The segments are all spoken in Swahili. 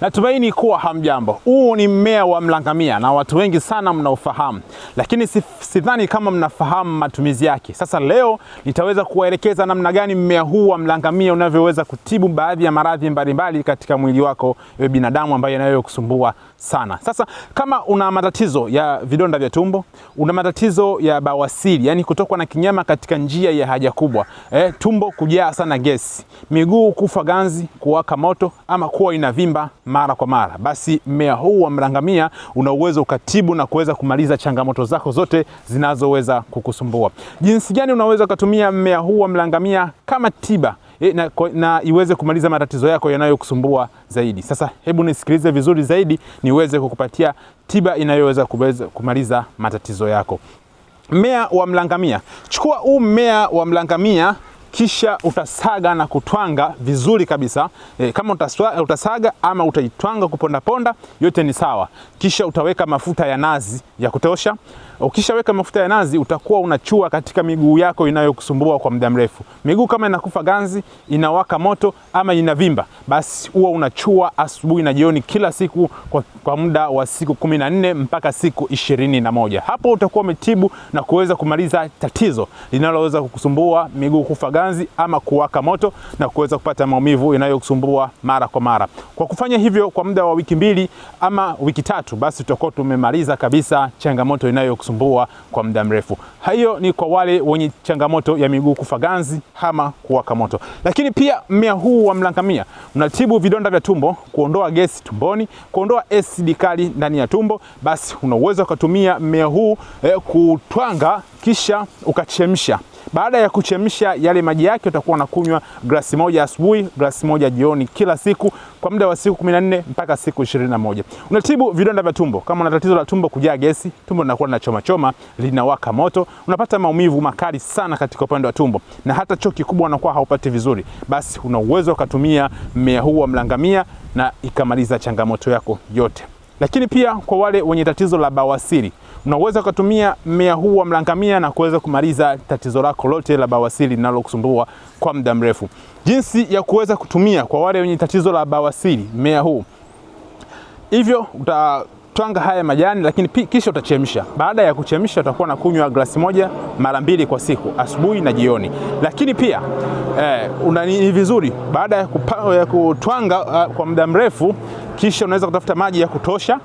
Natumaini kuwa hamjambo. Huu ni mmea wa mlangamia na watu wengi sana mnaofahamu, lakini sidhani kama mnafahamu matumizi yake. Sasa leo nitaweza kuwaelekeza namna gani mmea huu wa mlangamia unavyoweza kutibu baadhi ya maradhi mbalimbali katika mwili wako wewe binadamu, ambayo yanayokusumbua sana. Sasa kama una matatizo ya vidonda vya tumbo, una matatizo ya bawasiri, yani kutokwa na kinyama katika njia ya haja kubwa, eh, tumbo kujaa sana gesi, miguu kufa ganzi, kuwaka moto ama kuwa inavimba mara kwa mara, basi mmea huu wa mrangamia una uwezo ukatibu na kuweza kumaliza changamoto zako zote zinazoweza kukusumbua. Jinsi gani unaweza ukatumia mmea huu wa mrangamia kama tiba eh, na, na iweze kumaliza matatizo yako yanayokusumbua zaidi. Sasa hebu nisikilize vizuri zaidi niweze kukupatia tiba inayoweza kumaliza matatizo yako. Mmea wa mlangamia, chukua huu mmea wa mlangamia kisha utasaga na kutwanga vizuri kabisa e, kama utaswa, utasaga ama utaitwanga ponda, yote ni sawa. Kisha utaweka mafuta ya nazi ya kutosha. Ukishaweka mafuta ya nazi, utakuwa unachua katika miguu yako inayokusumbua kwa muda mrefu. Miguu kama inakufa ganzi, inawaka moto ama inavimba, basi huwa unachua asubuhi na jioni kila siku kwa, kwa muda wa siku kumi na nne mpaka siku ishirini na moja. Hapo utakuwa umetibu na kuweza kumaliza tatizo linaloweza kukusumbua miguu kufa ganzi ama kuwaka moto na kuweza kupata maumivu inayokusumbua mara kwa mara. Kwa kufanya hivyo kwa muda wa wiki mbili ama wiki tatu, basi tutakuwa tumemaliza kabisa changamoto inayokusumbua kwa muda mrefu. Hiyo ni kwa wale wenye changamoto ya miguu kufa ganzi ama kuwaka moto. Lakini pia mmea huu wa mlangamia unatibu vidonda vya tumbo, kuondoa gesi tumboni, kuondoa asidi kali ndani ya tumbo, basi unaweza ukatumia mmea huu eh, kutwanga kisha ukachemsha baada ya kuchemsha yale maji yake, utakuwa unakunywa glasi moja asubuhi, glasi moja jioni, kila siku kwa muda wa siku 14 mpaka siku 21. Unatibu vidonda vya tumbo. Kama una tatizo la tumbo kujaa gesi, tumbo linakuwa linachoma choma, linawaka moto, unapata maumivu makali sana katika upande wa tumbo na hata choo kikubwa unakuwa haupati vizuri, basi una uwezo ukatumia mmea huu wa mlangamia na ikamaliza changamoto yako yote. Lakini pia kwa wale wenye tatizo la bawasiri, unaweza ukatumia mmea huu wa mlangamia na kuweza kumaliza tatizo lako lote la bawasiri linalokusumbua kwa muda mrefu. Jinsi ya kuweza kutumia kwa wale wenye tatizo la bawasiri, mmea huu hivyo utatwanga haya majani lakini kisha utachemsha. Baada ya kuchemsha, utakuwa na kunywa glasi moja mara mbili kwa siku, asubuhi na jioni. Lakini pia eh, ni vizuri baada ya, kupa, ya kutwanga uh, kwa muda mrefu kisha unaweza kutafuta maji ya kutosha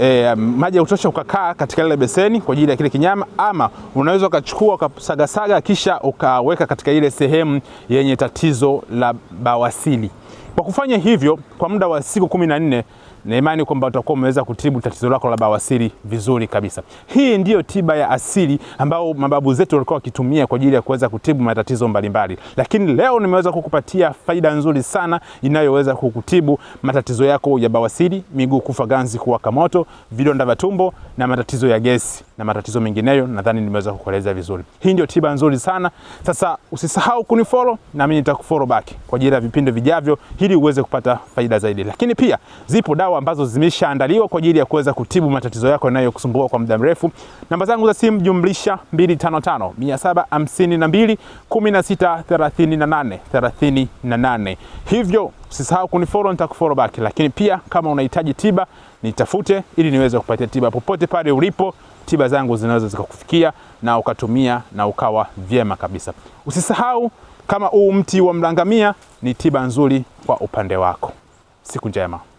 E, maji ya kutosha ukakaa katika ile beseni kwa ajili ya kile kinyama, ama unaweza ukachukua ukasagasaga, kisha ukaweka katika ile sehemu yenye tatizo la bawasili. Kwa kufanya hivyo kwa muda wa siku kumi na nne na imani kwamba utakuwa umeweza kutibu tatizo lako la bawasiri vizuri kabisa. Hii ndiyo tiba ya asili ambayo mababu zetu walikuwa wakitumia kwa ajili ya kuweza kutibu matatizo mbalimbali, lakini leo nimeweza kukupatia faida nzuri sana inayoweza kukutibu matatizo yako ya bawasiri, miguu kufa ganzi, kuwaka moto, vidonda vya tumbo na matatizo ya gesi na matatizo mengineyo, nadhani nimeweza kukueleza vizuri. Hii ndio tiba nzuri sana. Sasa usisahau kunifollow na mimi nitakufollow back kwa ajili ya vipindi vijavyo, ili uweze kupata faida zaidi. Lakini pia zipo dawa ambazo zimeshaandaliwa kwa ajili ya kuweza kutibu matatizo yako yanayokusumbua kwa muda mrefu. Namba zangu za simu jumlisha 255 752 38. Hivyo usisahau kunifollow, nitakufollow back. Lakini pia kama unahitaji tiba nitafute ili niweze kupatia tiba popote pale ulipo. Tiba zangu zinaweza zikakufikia na ukatumia na ukawa vyema kabisa. Usisahau kama huu mti wa mlangamia ni tiba nzuri kwa upande wako. Siku njema.